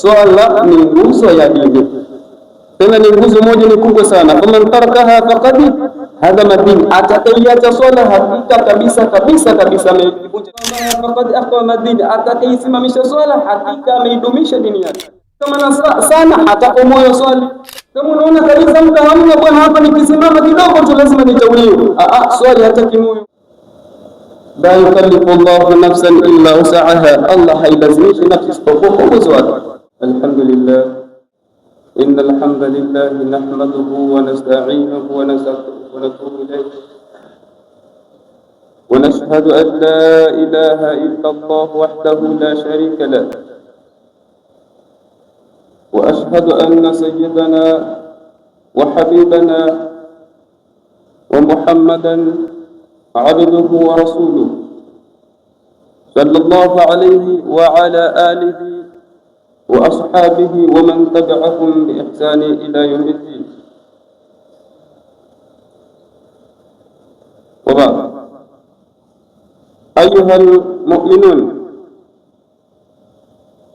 Swala ni nguzo ya dini, tena ni nguzo moja ni kubwa sana. Faman tarakaha faqad hadama din, atakayeacha swala hakika kabisa kabisa kabisa ameivunja. Faqad swala hakika ameidumisha dini yake. sana swali kama unaona kabisa mtu hamna bwana, hapa nikisimama kidogo tu lazima nitauliwe. Ah ah, swali hata kimoyo la yukallifu Allahu nafsan illa Allah hailazimishi nafsi isipokuwa uwezo wake. الحمد لله إن الحمد لله نحمده ونستعينه ونستغفره ونتوب إليه ونشهد أن لا إله إلا الله وحده لا شريك له وأشهد أن سيدنا وحبيبنا ومحمدا عبده ورسوله صلى الله عليه وعلى آله وأصحابه ومن تبعهم بإحسان إلى يوم الدين وبعد أيها المؤمنون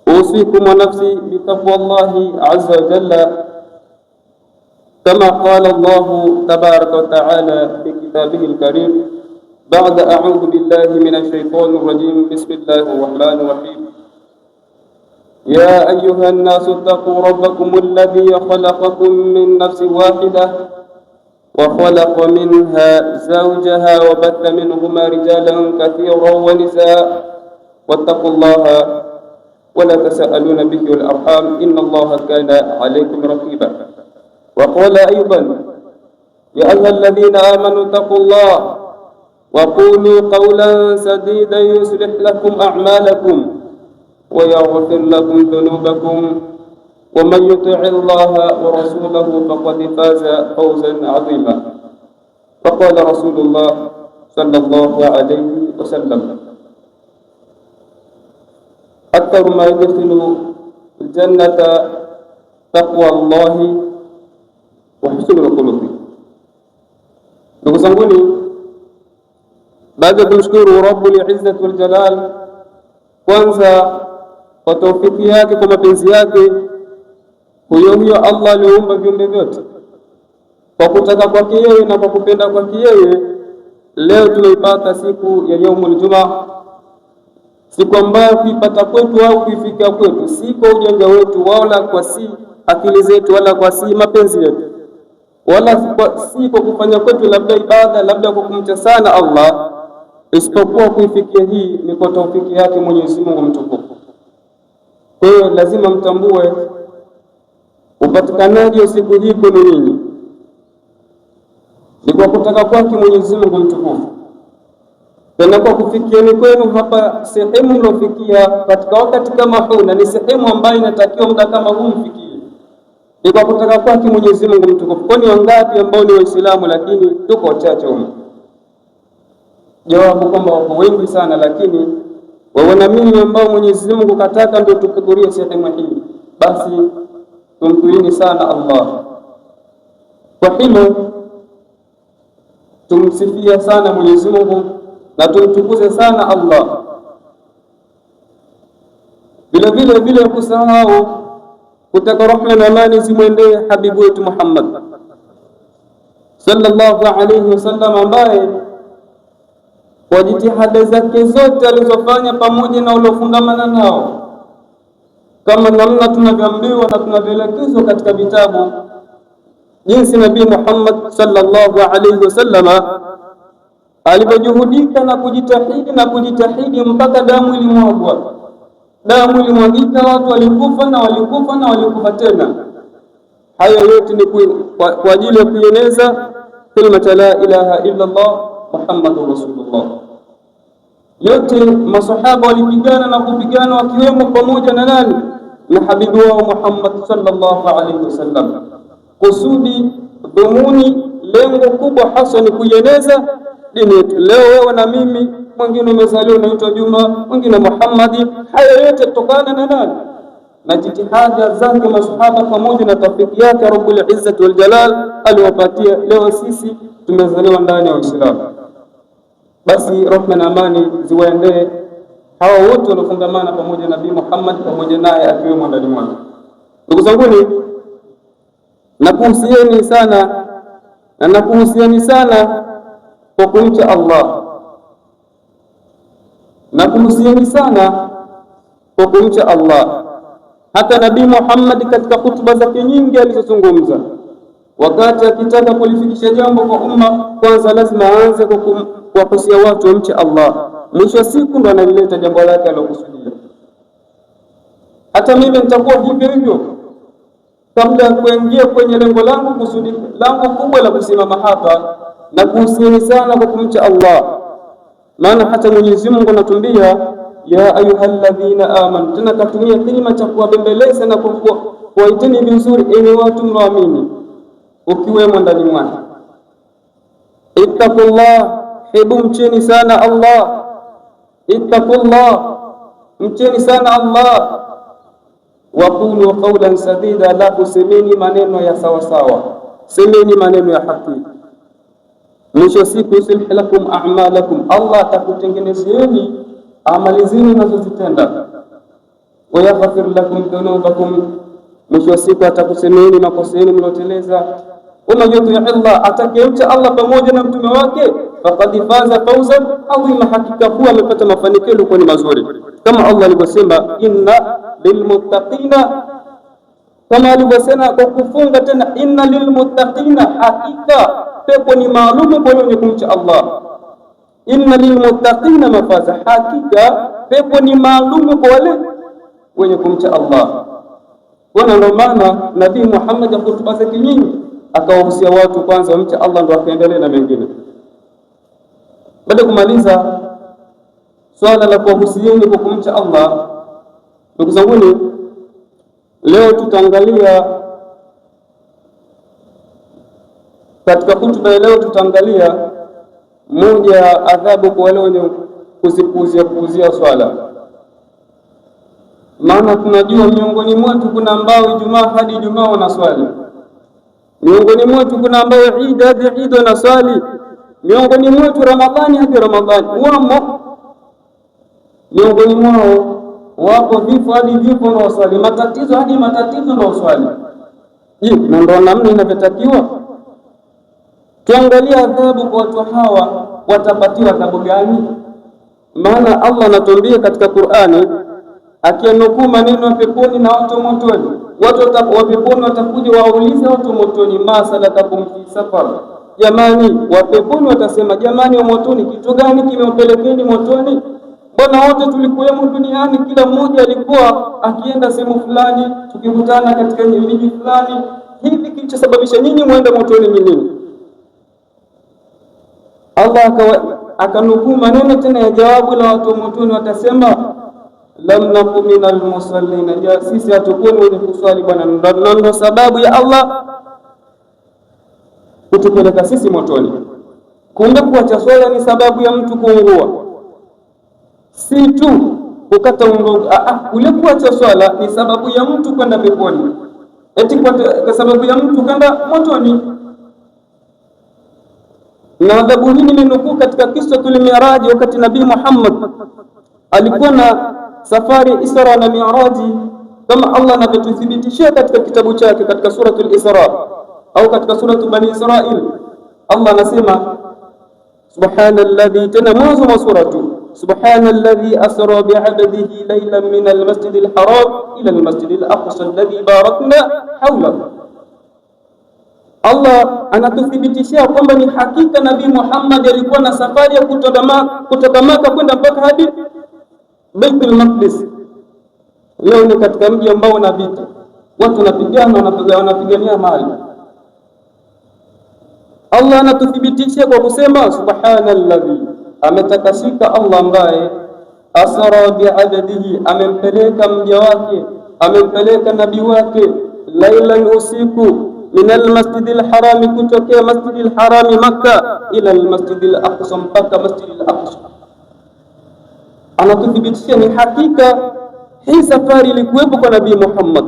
أوصيكم ونفسي بتقوى الله عز وجل كما قال الله تبارك وتعالى في كتابه الكريم بعد أعوذ بالله من الشيطان الرجيم بسم الله الرحمن الرحيم يا أيها الناس اتقوا ربكم الذي خلقكم من نفس واحدة وخلق منها زوجها وبث منهما رجالا كثيرا ونساء واتقوا الله ولا تسألون به الأرحام إن الله كان عليكم رقيبا وقال أيضا يا أيها الذين آمنوا اتقوا الله وقولوا قولا سديدا يصلح لكم أعمالكم ويغفر لكم ذنوبكم ومن يطع الله ورسوله فقد فاز فوزا عظيما فقال رسول الله صلى الله عليه وسلم أكثر ما يدخل الجنة تقوى الله وحسن الخلق ndugu بعد تشكر رب العزة والجلال izzati kwanza kwa taufiki yake, kwa mapenzi yake, huyo huyo Allah aliumba viumbe vyote kwa kutaka kwake yeye na kwa kupenda kwake yeye. Leo tumeipata siku ya yaumul jumaa, siku ambayo kuipata kwetu au kuifikia kwetu si kwa ujanja wetu wala kwa si akili zetu wala kwa si mapenzi yetu wala si kwa kufanya kwetu labda ibada labda kwa kumcha sana Allah, isipokuwa kuifikia hii ni kwa taufiki yake Mwenyezi Mungu mtukufu. Kwa hiyo lazima mtambue upatikanaji wa siku hii kwenu nyinyi ni kwa kutaka kwake Mwenyezi Mungu mtukufu, tena kwa kufikieni kwenu hapa sehemu mliofikia katika wakati kama huu, na ni sehemu ambayo inatakiwa muda kama huu mfikie, ni kwa kutaka kwake Mwenyezi Mungu mtukufu. Kwani wangapi ambao ni Waislamu lakini tuko wachache humu? Jawabu kwamba wako wengi sana, lakini waona mimi ambao Mwenyezi Mungu kataka ndio tukudhurie sehemu hii, basi tumtuini sana Allah kwa hilo, tumsifia sana Mwenyezi Mungu na tumtukuze sana Allah. Vile vile bila kusahau kutaka rahma na amani zimwendee habibu wetu Muhammad sallallahu alayhi wasallam ambaye kwa jitihada zake zote alizofanya pamoja na uliofungamana nao, kama namna tunavyoambiwa na tunavyoelekezwa katika vitabu, jinsi Nabii Muhammad sallallahu alaihi wasallama alivyojuhudika na kujitahidi na kujitahidi mpaka damu ilimwagwa, damu ilimwagika, watu walikufa na walikufa na walikufa tena. haya yote ni kwa ajili ya kuieneza kalimata la ilaha illa Allah muhammadun rasulullah yote masahaba walipigana na kupigana wakiwemo pamoja na nani na habibu wao Muhammad sallallahu alaihi wasallam. Kusudi, dhumuni, lengo kubwa hasa ni kuieneza dini yetu. Leo wewe na mimi, mwingine umezaliwa unaitwa Juma, mwingine Muhammadi. Haya yote kutokana na nani? Na jitihada zake masahaba pamoja na tafiki yake Rabbul Izzati wal Jalal aliwapatia. Leo sisi tumezaliwa ndani ya Uislamu. Basi rahma na amani ziwaendee hawa wote waliofungamana pamoja na Nabii Muhammad pamoja naye akiwemo ndani mwake. Ndugu zanguni, nakuhusieni sana na nakuhusieni sana kwa kumcha Allah, nakuhusieni sana kwa kumcha Allah. Hata Nabii Muhammad katika hutuba zake nyingi alizozungumza, wakati akitaka kulifikisha jambo kwa umma, kwanza lazima aanze kwa kuwakosia watu wamche Allah, mwisho wa siku ndo analileta jambo lake alokusudia. Hata mimi nitakuwa hivyo hivyo, kabla ya kuingia kwenye lengo langu kusudi langu kubwa la kusimama hapa na kuhusieni sana kwa kumcha Allah, maana hata Mwenyezi Mungu anatumbia ya ayyuhalladhina amanu, tena katumia kilima cha kuwabembeleza na kuwaiteni vizuri, enye watu mnaamini, ukiwemo ndani mwake ittaqullah Hebu mcheni sana Allah, ittaqullah, mcheni sana Allah. Waqulu qawlan sadida, la kusemeni maneno ya sawasawa, semeni maneno ya haki. Mwisho siku yuslih lakum a'malakum, Allah atakutengenezeni amali zenu nazozitenda. Wayaghfir lakum dhunubakum, mwisho wa siku atakusemeni makosa yenu mlioteleza. Waman yuti Allah, atakayemcha Allah pamoja na mtume wake faqad faza fawzan adhim, hakika kuwa amepata mafanikio yaliokuwa ni mazuri, kama Allah alivyosema inna lilmuttaqina, kama alivyosema kwa kufunga tena, inna lilmuttaqina, hakika pepo ni maalum kwa wenye kumcha Allah. Inna lilmuttaqina mafaza, hakika pepo ni maalum kwa wale wenye kumcha Allah. Wana ndio maana Nabii Muhammad akutupaza kinyingi akawahusia watu kwanza wamcha Allah, ndo akaendelea na mengine. Baada ya kumaliza swala la kuwahusieni kwa kumcha Allah, ndugu zanguni, leo tutaangalia katika hutuba ya leo tutaangalia moja ya adhabu kwa wale wenye kuzipuuzia puuzia swala. Maana tunajua miongoni mwetu kuna ambao Ijumaa hadi Ijumaa wanaswali, miongoni mwetu kuna ambao Idi hadi Idi wanaswali miongoni mwetu Ramadhani hadi Ramadhani wamo, miongoni mwao wapo vifo hadi vifo na waswali, matatizo hadi matatizo na waswali. Je, na ndo namna inavyotakiwa? Tuangalie adhabu kwa watu hawa, watapatiwa adhabu gani? Maana Allah anatuambia katika Qur'ani akianukuu maneno ya peponi na watu motoni. Watu wa peponi watakuja waulize watu motoni, masalakakum fi safar Jamani, wa peponi watasema, jamani, wa motoni, kitu gani kimempelekeni motoni? Mbona wote tulikuwemo duniani, kila mmoja alikuwa akienda sehemu fulani, tukikutana katika miji fulani. Hivi kilichosababisha nyinyi mwende motoni ni nini? Allah akanukuu maneno tena ya jawabu la watu wa motoni, watasema lam naku minal musallina, sisi hatukuwa wenye kuswali bwana. Ndio sababu ya Allah kutupeleka sisi motoni. Kumbe kuacha swala ni sababu ya mtu kuungua, si tu kukata undugu. Ah, ah, ule kuacha swala ni sababu ya mtu kwenda peponi, eti kwa sababu ya mtu kwenda motoni. Na adhabu hii nimenukuu katika Qissatul Miraji, wakati Nabii Muhammad alikuwa na safari Isra na Miraji, kama Allah anavyotuthibitishia katika kitabu chake katika Suratul Isra au katika suratu Bani Israil Allah anasema subhana alladhi, tena mwanzo wa sura tu, subhana alladhi asra bi'abdihi laylan min almasjid alharam ila almasjid alaqsa alladhi barakna hawlahu. Allah anatuthibitishia kwamba ni hakika Nabii Muhammad alikuwa na safari ya kutoka Maka kwenda mpaka hadi Baitul Maqdis. Leo ni katika mji ambao una vita, watu wanapigana, wanapigania mali Allah anatuthibitisha kwa kusema subhana alladhi, ametakasika Allah ambaye asra biadadihi amempeleka mja wake, amempeleka nabii wake lailan usiku min almasjidi lharami kutokea masjidi lharami Makka ila almasjidi alaqsa, mpaka masjidi alaqsa. Anatuthibitisha ni hakika hii safari ilikuwepo kwa Nabii Muhammad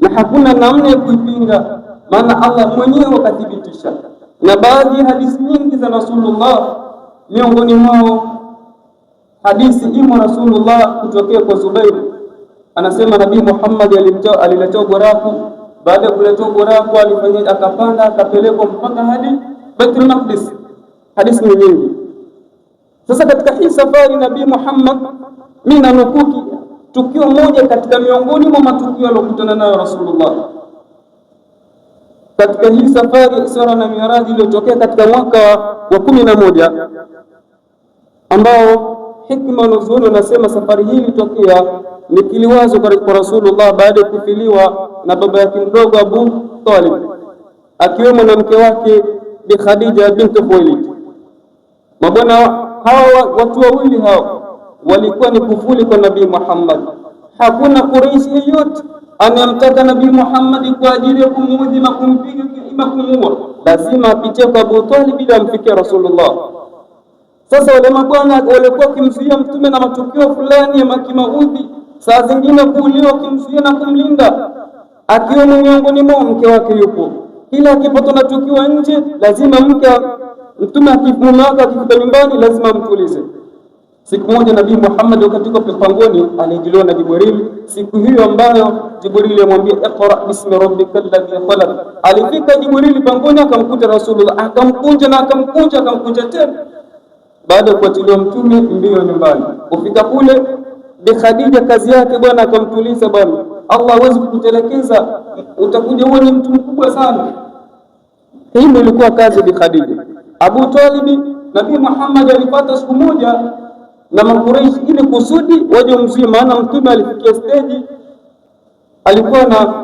na hakuna namna ya kuipinga, maana Allah mwenyewe akathibitisha na baadhi ya hadithi nyingi za Rasulullah, miongoni mwao hadithi imo Rasulullah kutokea kwa Zubair, anasema Nabii Muhammad aliletewa gorafu. Baada ya kuletewa gorafu alifanya akapanda akapelekwa mpaka hadi Baitul Maqdis. Hadithi ni nyingi. Sasa katika hii safari Nabii Muhammad, mimi nanukuki tukio moja katika miongoni mwa matukio aliyokutana nayo Rasulullah katika hii safari Isra na Miraji iliyotokea katika mwaka wa kumi na moja ambao hikma nuzul nasema safari hii ilitokea ni kiliwazo kwa Rasulullah baada ya kufiliwa na baba yake mdogo Abu Talib, akiwemo na mke wake Bi Khadija binti Khuwailid. Mabwana hawa watu wawili hao walikuwa ni kufuli kwa Nabii Muhammad. Hakuna Quraysh yeyote amemtaka Nabii Muhammad kwa ajili ya kumuudhi na kumpiga na kumuua, lazima apitie kwa Abu Talib bila amfikia Rasulullah. Sasa wale mabwana walikuwa wakimzuia mtume na matukio fulani ya makimaudhi, saa zingine kuuliwa, wakimzuia na kumlinda, akiwemo miongoni mwao mke wake yupo, Kila akipatwa na tukio nje, lazima mke mtume, mume wake akifika nyumbani, lazima amtulize. Siku moja Nabii Muhammad wakati yuko pepangoni aliajiliwa na Jibril. Siku hiyo ambayo Jibril amwambia iqra bismi rabbika alladhi khalaq, alifika Jibril pangoni akamkuta Rasulullah, akamkunja na akamkunja akamkunja tena. Baada ya kuatiliwa mtume mbio nyumbani, kufika kule Bi Khadija kazi yake bwana, akamtuliza bwana, Allah hawezi kukutelekeza, utakuja uwe ni mtu mkubwa sana. Hii ndio ilikuwa kazi Bi Khadija. Abu Talib, Nabii Muhammad alipata siku moja na Makuraishi ili kusudi waje mzii. Maana mtume alifikia steji alikuwa na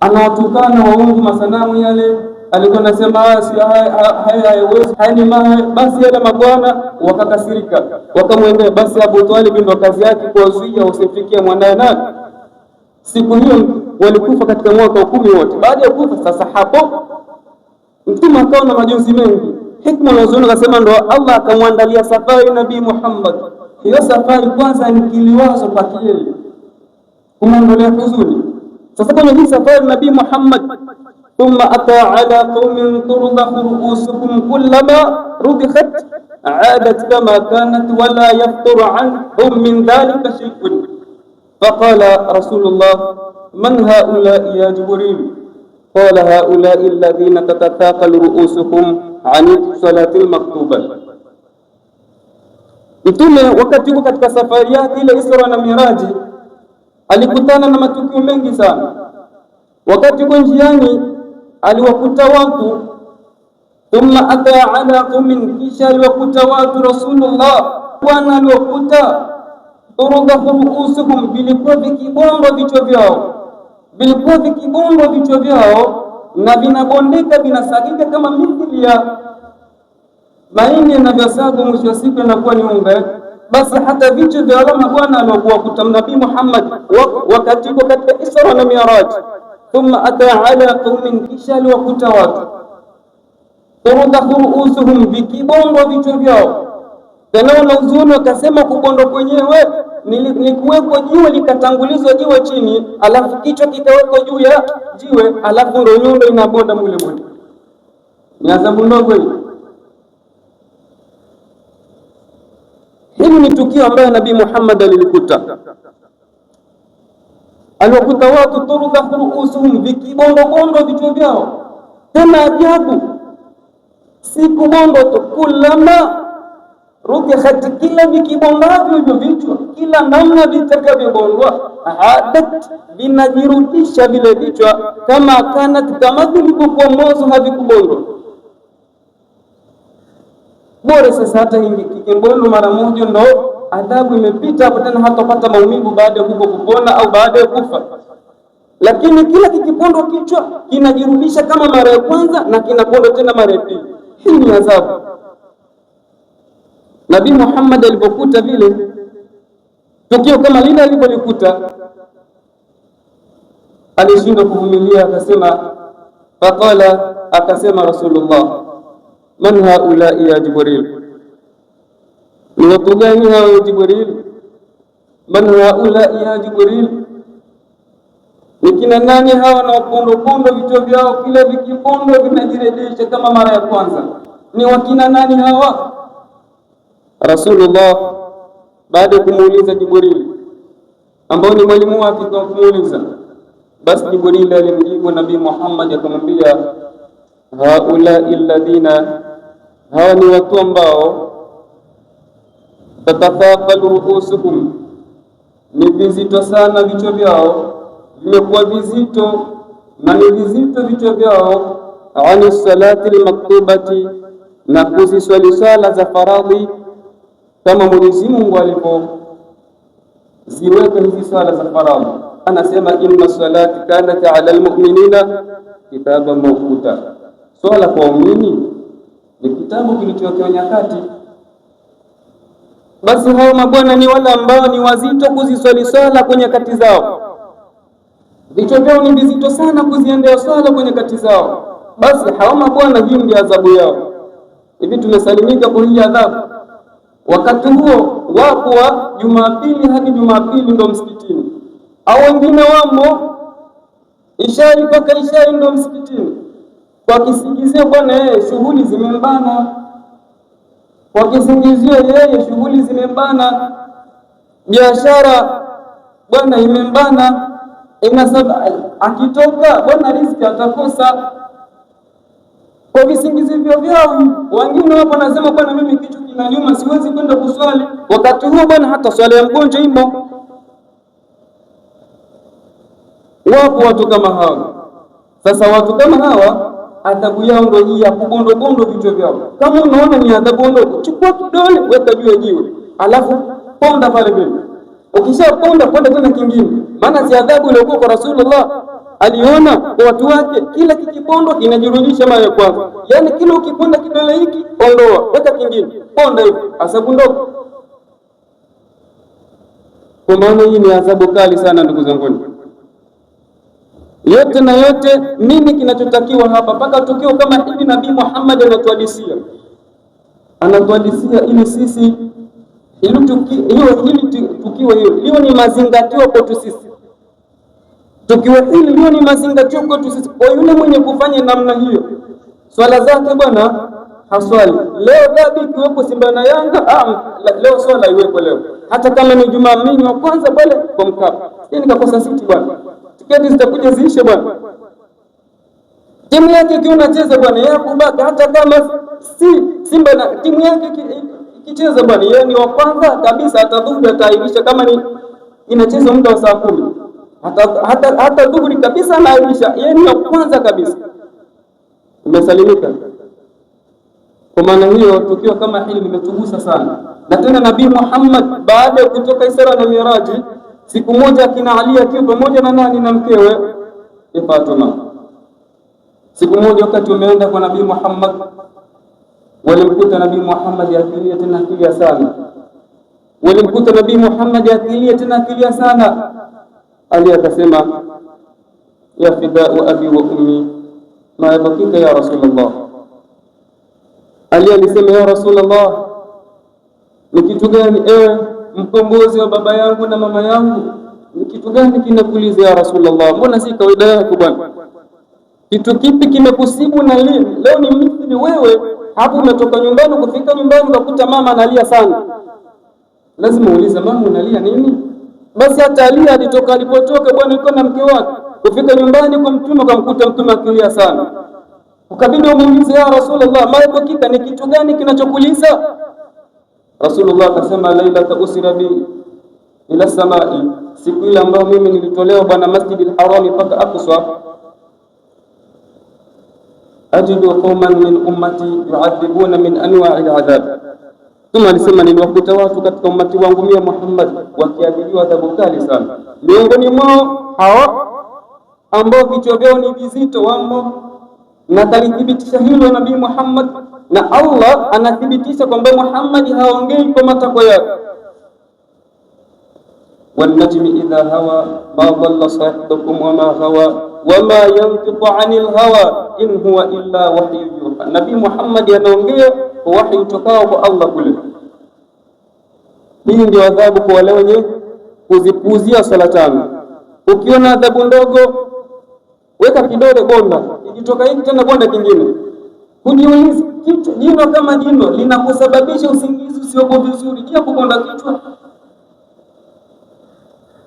anawatukana waungu masanamu yale, alikuwa anasema ah, ah, ah, haya hayawezi, haya ni Basi yale mabwana wakakasirika, wakamwendea. Basi Abu Talib ndo kazi yake kuwazuia usifikie mwanaye nani. Siku hiyo walikufa katika mwaka wa kumi wote. Baada ya kufa sasa, hapo mtume akawa na majonzi mengi Hikma na uzuni akasema ndo Allah akamwandalia safari Nabii Muhammad. Hiyo safari kwanza ni kiliwazo kwa yeye, kumwondolea huzuni. Sasa kwenye hii safari Nabii Muhammad, thumma ata ala qaumin turdahu ruusukum kullama rudikhat aadat kama kanat wala yafturu anhum min dhalika shay'un faqala Rasulullah man haulai ya Jibril qala haulai alladhina tatataqqal ruusuhum ani salati maktuba. Mtume wakati huko katika safari yake ile Isra na Miraji alikutana na matukio mengi sana. Wakati huko njiani aliwakuta watu, thumma ata ala qaumin, kisha aliwakuta watu Rasulullah, Bwana aliwakuta turudahu ruusuhum, vilikuwa vikibondwa vichwa vyao, vilikuwa kibongo vichwa vyao na vinabondeka vinasagika kama mithili ya maini yanavyosaga, mwisho wa siku inakuwa ni unga. Basi hata vichwa vya alama bwana aliokuwakuta Nabii Muhammad wakati uko katika Isra na Miraj, thumma ata ala qaumin, kisha aliwakuta watu urudhahu ruusuhum, vikibongwa vichwa vyao Tanao la uzuni wakasema kubondo kwenyewe ni kuwekwa jiwe likatangulizwa jiwe chini, alafu kichwa kikawekwa juu ya jiwe, alafu ndo nyundo inabonda mule Ni adhabu ndogo hii. Hili ni tukio ambayo Nabii Muhammad alilikuta, aliwakuta watu turudhafu ruusuhum, vikibondobondo vichwa vyao, tena ajabu, si kubondo tu kulama Ruke hati kila vikibondavyo hivyo vichwa, kila namna vitakavyobondwa, adat vinajirudisha vile vichwa, kama kanat, kama vilivyokuwa mwanzo havikubondwa. Bora sasa hata hivi kikibondwa mara moja, ndo adhabu imepita hapo, tena hatapata maumivu baada ya huko kupona au baada ya kufa. Lakini kila kikipondwa kichwa kinajirudisha kama mara ya kwanza na kinapondwa tena mara ya pili. Hii ni adhabu. Nabii Muhammad alipokuta vile tukio kama lile alipolikuta, alishindwa kuvumilia, akasema faqala, akasema Rasulullah, man haulai ya Jibril, ni watu gani hao ya Jibril? Man haulai ya Jibril, nikina nani hawa? Na wapondopondo vichwa vyao kila vikipondo vinajirejesha kama mara ya kwanza, ni wakina nani hawa? Rasulullah baada ya kumuuliza Jibril, ambao ni mwalimu wake kwa kumuuliza, basi Jibril alimjibu Nabii Muhammad akamwambia, haulai alladhina, hawa ni watu ambao tatatafalu ruusukum, ni vizito sana vichwa vyao, vimekuwa vizito na ni vizito vichwa vyao, ani salati lmaktubati, na kuziswali swala za faradhi kama Mwenyezi Mungu alivyoziweka hizi sala za faradhi, anasema inna salati kanat ala almu'minina kitaba mawquta, swala kwa waumini ni kitabu kilichowekewa nyakati. Basi hao mabwana ni wale ambao ni wazito kuziswali swala kwenye kati zao, vichwa vyao ni vizito sana kuziendea swala kwenye kati zao. Basi hao mabwana, hiyo ndio adhabu yao. Hivi tumesalimika kwa hii adhabu? Wakati huo wapo wa Jumapili hadi Jumapili ndo msikitini, au wengine wamo ishari mpaka ishai ndo msikitini, kwa kisingizio bwana yeye shughuli zimembana, kwa kisingizio yeye shughuli zimembana, biashara bwana imembana, inasaba akitoka bwana riziki atakosa kwa visingizivyo vyao. Wengine wapo nasema bwana, mimi kichwa kinaniuma, siwezi kwenda kuswali wakati huo. Bwana, hata swala ya mgonjwa imo. Wapo watu kama hawa. Sasa watu kama hawa adhabu yao ndio hii ya kugondogondo vichwa vyao. Kama unaona ni adhabu ndogo, chukua kidole weka juu ya jiwe, alafu ponda pale vile. Ukishaponda ponda tena kingine, maana si adhabu iliyokuwa kwa Rasulullah aliona kwa watu wake kila kikipondo kinajirudisha mara ya kwanza, yani kila ukiponda kidole hiki ondoa, weka kingine, ponda hivi, adhabu ndogo. Kwa maana hii ni adhabu kali sana, ndugu zanguni. Yote na yote, nini kinachotakiwa hapa? Mpaka tukio kama hili Nabii Muhammad anatuhadisia, anatuhadisia ili sisi hili tukio, hiyo ni mazingatio kwetu sisi tukiwa hili ndio ni mazingatio kwetu sisi. Kwa yule mwenye kufanya namna hiyo, swala zake bwana haswali leo, dabi ikiwepo Simba na Yanga ah, leo swala iwepo leo, hata kama ni Jumaa mimi wa kwanza pale kwa Mkapa. Hii nikakosa siti bwana, tiketi zitakuja ziishe bwana. Timu yake ikiwa inacheza bwana, yeye kubaki hata kama si Simba na timu yake ikicheza bwana, yeye ni wa kwanza kabisa, atadhubu ataahirisha kama ni inacheza muda wa saa kumi hata, hata, hata dhuhuri kabisa anaahirisha, yeye ni wa kwanza kabisa. Umesalimika. Kwa maana hiyo tukio kama hili limetugusa sana, na tena Nabii Muhammad baada ya kutoka Isra na Miraji, siku moja akina Ali akiwa pamoja na nani na mkewe Fatuma, siku moja wakati umeenda kwa Nabii Muhammad walimkuta Nabii Muhammad akilia tena akilia sana, walimkuta Nabii Muhammad akilia tena akilia sana ali akasema ya fidau abi wa ummi ma yabakika ya Rasulullah. Ali alisema ya Rasulullah, ni kitu gani ewe mkombozi wa baba yangu na mama yangu, ni kitu gani kinakuliza ya Rasulullah? Mbona si kawaida yako bwana? Kitu kipi kimekusibu na lini leo ni mithili wewe hapo umetoka nyumbani, kufika nyumbani ukakuta mama analia sana, lazima uulize mama unalia nini? Basi hata Ali alitoka alipotoka bwana alikuwa na mke wake, kufika nyumbani kwa mtume akamkuta mtume akilia sana, ukabidi umuulize ya Rasulullah, maebukika ni kitu gani kinachokuliza? Rasulullah akasema lailata usira bi ila samai, siku ile ambayo mimi nilitolewa bwana Masjidil Harami mpaka Aqsa, ajidu qauman min ummati yu'adhibuna min anwa'i 'adhab tuma alisema, niliwakuta watu katika umati wangu mia Muhammad wakiadhibiwa adhabu kali sana, miongoni mwao hawa ambao vichwa vyao ni vizito wamo, na talithibitisha hilo Nabii Muhammad, na Allah anathibitisha kwamba Muhammad haongei kwa matakwa yake Walnajmi idha hawa ma dhalla sahibukum wama hawa wama yantiqu anil hawa in huwa illa wahyu yuha. Nabii Muhammad anaongea wahi utokao kwa Allah kule. Hii ndio adhabu kwa wale wenye kuzipuuzia swala tano. Ukiona adhabu ndogo, weka kidole bonda, ikitoka hiki tena bonda kingine. Kujiuliza kichwa, jino kama jino linakusababisha usingizi usioko vizuri, je, kubonda kichwa?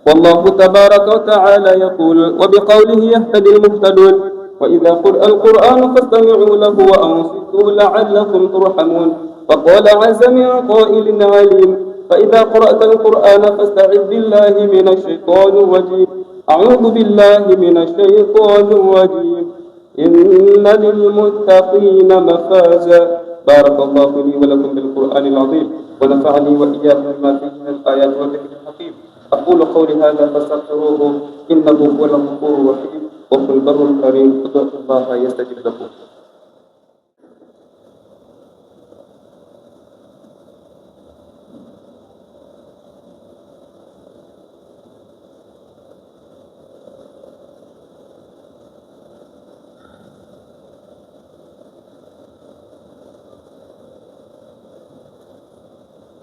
Wallahu tabaraka wa taala yaqul wa biqawlihi yahtadi almuhtadun وإذا قرأ القرآن فاستمعوا له وأنصتوا لعلكم ترحمون فقال عز من قائل عليم فإذا قرأت القرآن فاستعذ بالله من الشيطان الرجيم أعوذ بالله من الشيطان الرجيم إن للمتقين مفازا بارك الله لي ولكم بالقرآن العظيم ونفعني وإياكم بما فيه من الآيات والذكر الحكيم أقول قولي هذا فاستغفروه إنه هو الغفور الرحيم وفي البر الكريم ادعوا الله يستجب لكم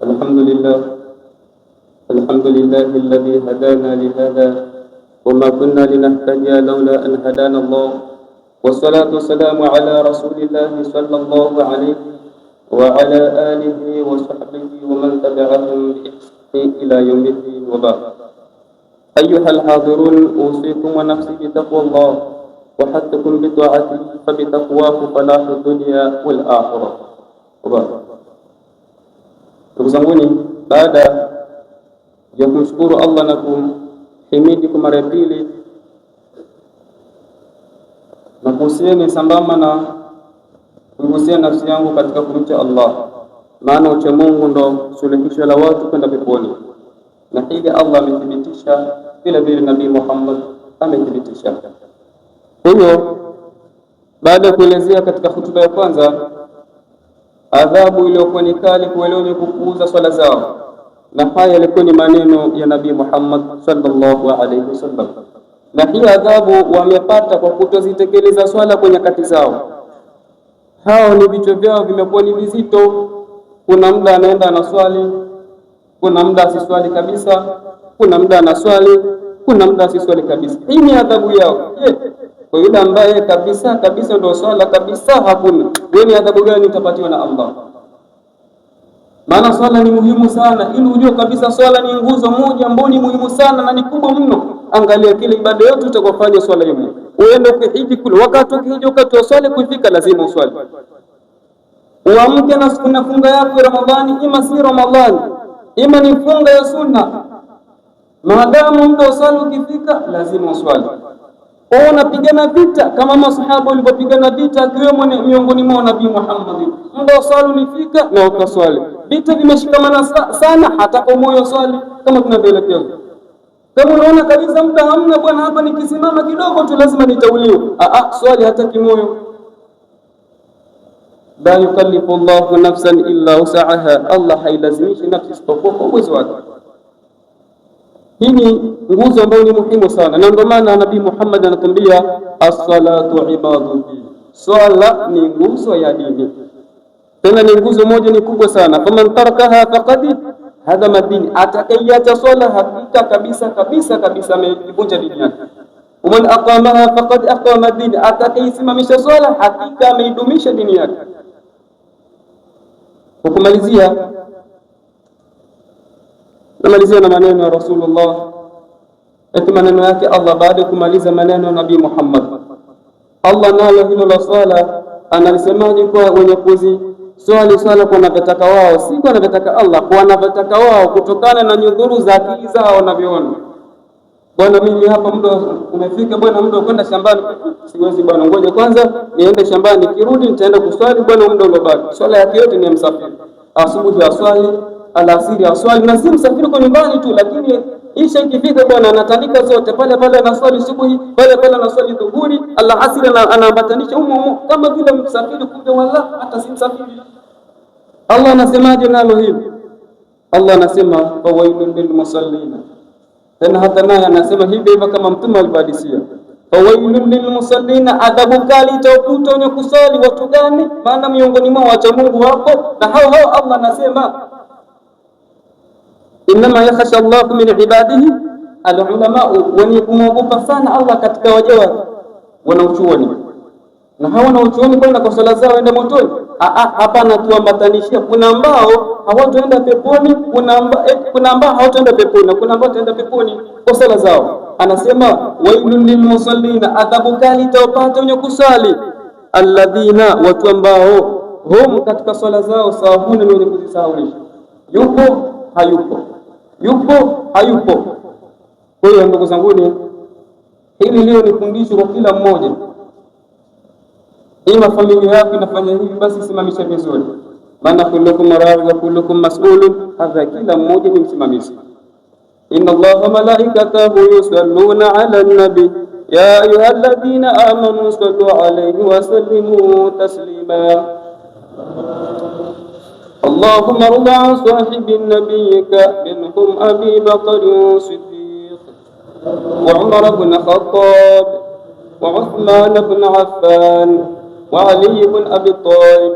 الحمد لله الحمد لله الذي هدانا لهذا وما كنا لنهتدي لولا أن هدانا الله والصلاة والسلام على رسول الله صلى الله عليه وعلى آله وصحبه ومن تبعهم بإحسان إلى يوم الدين وبعد أيها الحاضرون أوصيكم ونفسي بتقوى الله وحثكم بطاعته فبتقواه فلاح الدنيا والآخرة وبعد تقزموني بعد يكون شكور الله لكم himidi kwa mara ya pili na kuhusieni sambamba na kuigusia nafsi yangu katika kumcha Allah, maana ucha Mungu ndo suluhisho la watu kwenda peponi, na hili Allah amethibitisha vile vile Nabii Muhammad amethibitisha. huyo hiyo baada ya kuelezea katika hutuba ya kwanza adhabu iliyokuwa ni kali kuelewa wenye kupuuza swala zao na haya yalikuwa ni maneno ya Nabii Muhammad sallallahu alaihi wasallam. Na hii adhabu wamepata kwa kutozitekeleza swala kwa nyakati zao. Hao ni vichwa vyao vimekuwa ni vizito. Kuna muda anaenda na swali kuna muda asiswali kabisa, kuna muda anaswali, kuna muda asiswali kabisa. Hii ni adhabu yao. kwa yule ambaye kabisa kabisa ndio swala kabisa hakuna, wewe ni adhabu gani utapatiwa na Allah? Maana swala ni muhimu sana, ili ujue kabisa swala ni nguzo moja ambayo ni muhimu sana na ni kubwa mno. Angalia kile ibada yote utakofanya swala hiyo, uende ukihiji kule, wakati ukihiji, wakati wa swala kufika, lazima uswali. Uamke na sunna funga yako ya Ramadhani, ima si Ramadhani, ima ni funga ya sunna. Maadamu muda wa swali ukifika, lazima uswali. Wao wanapigana vita kama masahaba walipopigana vita, akiwemo miongoni mwa Nabii Muhammad. Muda wa swali ulifika na ukaswali vita vimeshikamana sana, hata kwa moyo swali kama tunavyoelekezwa. Kama unaona kabisa muda hamna, bwana, hapa nikisimama kidogo tu lazima nitauliwe, swali hata kimoyo. La yukallifu llahu nafsan illa wusaha, Allah hailazimishi nafsi isipokuwa kwa uwezo wake. Hii ni nguzo ambayo ni muhimu sana, na ndio maana Nabii Muhammad anatuambia as-salatu ibadati, swala ni nguzo ya dini tena ni nguzo moja ni kubwa sana. Faman tarakaha faqad hadama dini, atakayeacha swala hakika kabisa kabisa kabisa ameivunja dini yake. Waman aqamaha faqad aqama dini, atakayesimamisha swala hakika ameidumisha dini yake. Kwa kumalizia, namalizia na maneno ya Rasulullah, eti maneno yake Allah baada ya kumaliza maneno ya Nabii Muhammad. Allah nalo hilo la swala analisemaje kwa wenye kuzi swali swala kwa wanavyotaka wao, si kwa wanavyotaka Allah, kwa wanavyotaka wao, kutokana na nyudhuru za akili zao wanavyoona. Bwana mimi hapa muda umefika, bwana muda kwenda shambani, siwezi bwana, ngoja kwanza niende shambani, kirudi nitaenda kuswali bwana, muda uliobaki. Swala yake yote ni ya msafiri, asubuhi aswali, alasiri aswali, na si msafiri kwa nyumbani tu, lakini Isha ikifika bwana anatandika zote pale pale, anaswali subuhi pale pale, anaswali dhuhuri, alasiri anaambatanisha humo humo, kama vile msafiri, kumbe wala hata si msafiri. Allah anasemaje nalo hili? Allah anasema fawailun musallin, tena hata naye anasema hivi hivyo kama mtume alivyohadisia fawailun musallin, adhabu kali itawakuta wenye kusali. Watu gani? Maana miongoni mwao wacha Mungu wako na hao hao Allah anasema Innama yakhsha Allahu min ibadihi alulama, wenye kumwogopa sana Allah katika waja wake wanaochuoni. Na hawa wanaochuoni kwenda kwa sala zao waende motoni? Hapana, tuambatanishia. Kuna ambao hawataenda peponi, eh, kuna ambao hawataenda peponi na kuna ambao wataenda peponi kwa sala zao. Anasema wailun lilmusallina, adhabu kali itawapata wenye kusali, alladhina, watu ambao hum katika swala zao sahuna, wenye kuzisahaulisha. Yupo hayupo yupo hayupo. Kwa hiyo ndugu zanguni, hili leo ni fundisho kwa kila mmoja. Ima familia yako inafanya hivi, basi simamisha vizuri, maana kullukum rawi wa kullukum mas'ulun, hadha, kila mmoja ni msimamizi. inna Allaha wa malaikatahu yusalluna ala nabi ya ayuha alladhina amanu sallu alayhi wa sallimu taslima Allahumma rida an sahibi nabiyika bil منكم أبي بكر الصديق وعمر بن الخطاب وعثمان بن عفان وعلي بن أبي طالب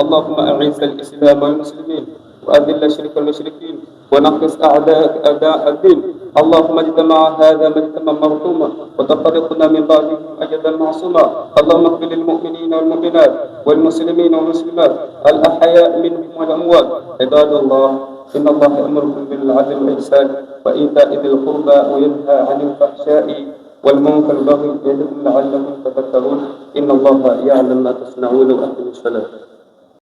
اللهم أعز الإسلام والمسلمين وأذل الشرك والمشركين ونقص أعداء أداء الدين اللهم اجتمع هذا مجتمع مرحوما وتفرقنا من بعده أجدا معصوما اللهم اغفر للمؤمنين والمؤمنات والمسلمين والمسلمات الأحياء منهم والأموات عباد الله إن الله يأمركم بالعدل والإحسان وإيتاء ذي القربى وينهى عن الفحشاء والمنكر والبغي يعظكم لعلكم تذكرون إن الله يعلم ما تصنعون وأقم الصلاة